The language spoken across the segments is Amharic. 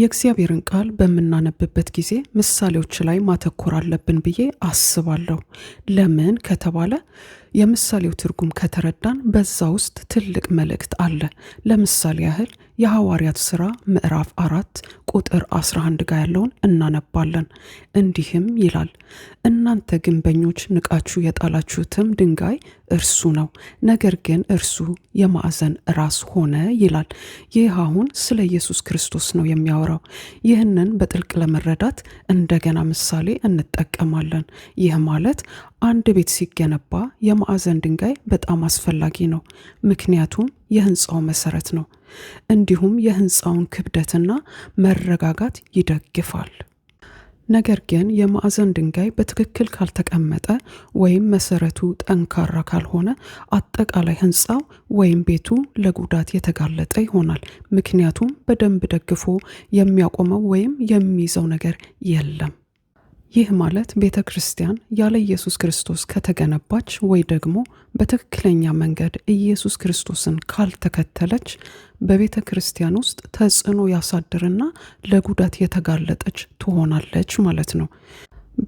የእግዚአብሔርን ቃል በምናነብበት ጊዜ ምሳሌዎች ላይ ማተኮር አለብን ብዬ አስባለሁ። ለምን ከተባለ የምሳሌው ትርጉም ከተረዳን በዛ ውስጥ ትልቅ መልእክት አለ። ለምሳሌ ያህል የሐዋርያት ሥራ ምዕራፍ አራት ቁጥር 11 ጋር ያለውን እናነባለን። እንዲህም ይላል፣ እናንተ ግንበኞች ንቃችሁ የጣላችሁትም ድንጋይ እርሱ ነው፣ ነገር ግን እርሱ የማዕዘን ራስ ሆነ ይላል። ይህ አሁን ስለ ኢየሱስ ክርስቶስ ነው የሚያወራው። ይህንን በጥልቅ ለመረዳት እንደገና ምሳሌ እንጠቀማለን። ይህ ማለት አንድ ቤት ሲገነባ ማዕዘን ድንጋይ በጣም አስፈላጊ ነው፣ ምክንያቱም የህንፃው መሰረት ነው። እንዲሁም የህንፃውን ክብደትና መረጋጋት ይደግፋል። ነገር ግን የማዕዘን ድንጋይ በትክክል ካልተቀመጠ ወይም መሰረቱ ጠንካራ ካልሆነ አጠቃላይ ህንፃው ወይም ቤቱ ለጉዳት የተጋለጠ ይሆናል። ምክንያቱም በደንብ ደግፎ የሚያቆመው ወይም የሚይዘው ነገር የለም። ይህ ማለት ቤተ ክርስቲያን ያለ ኢየሱስ ክርስቶስ ከተገነባች ወይ ደግሞ በትክክለኛ መንገድ ኢየሱስ ክርስቶስን ካልተከተለች በቤተ ክርስቲያን ውስጥ ተጽዕኖ ያሳድርና ለጉዳት የተጋለጠች ትሆናለች ማለት ነው።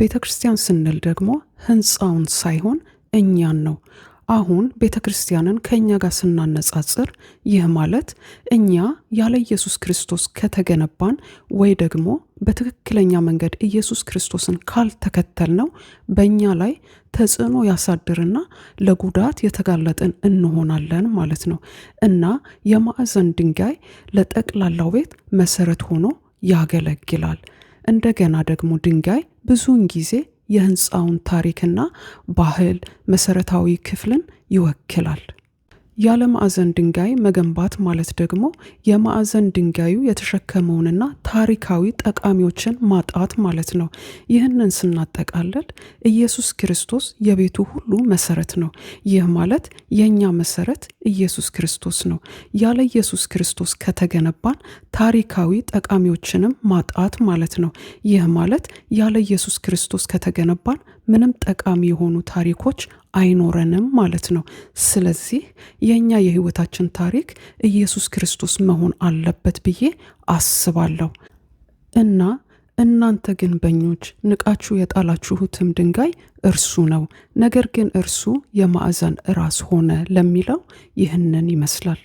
ቤተ ክርስቲያን ስንል ደግሞ ሕንፃውን ሳይሆን እኛን ነው። አሁን ቤተ ክርስቲያንን ከእኛ ጋር ስናነጻጽር ይህ ማለት እኛ ያለ ኢየሱስ ክርስቶስ ከተገነባን ወይ ደግሞ በትክክለኛ መንገድ ኢየሱስ ክርስቶስን ካልተከተልነው በእኛ ላይ ተጽዕኖ ያሳድርና ለጉዳት የተጋለጥን እንሆናለን ማለት ነው እና የማዕዘን ድንጋይ ለጠቅላላው ቤት መሰረት ሆኖ ያገለግላል። እንደገና ደግሞ ድንጋይ ብዙውን ጊዜ የህንፃውን ታሪክና ባህል መሰረታዊ ክፍልን ይወክላል። ያለ ማዕዘን ድንጋይ መገንባት ማለት ደግሞ የማዕዘን ድንጋዩ የተሸከመውንና ታሪካዊ ጠቃሚዎችን ማጣት ማለት ነው። ይህንን ስናጠቃልል ኢየሱስ ክርስቶስ የቤቱ ሁሉ መሰረት ነው። ይህ ማለት የእኛ መሰረት ኢየሱስ ክርስቶስ ነው። ያለ ኢየሱስ ክርስቶስ ከተገነባን ታሪካዊ ጠቃሚዎችንም ማጣት ማለት ነው። ይህ ማለት ያለ ኢየሱስ ክርስቶስ ከተገነባን ምንም ጠቃሚ የሆኑ ታሪኮች አይኖረንም ማለት ነው። ስለዚህ የእኛ የህይወታችን ታሪክ ኢየሱስ ክርስቶስ መሆን አለበት ብዬ አስባለሁ እና እናንተ ግንበኞች ንቃችሁ የጣላችሁትም ድንጋይ እርሱ ነው፣ ነገር ግን እርሱ የማዕዘን ራስ ሆነ ለሚለው ይህንን ይመስላል።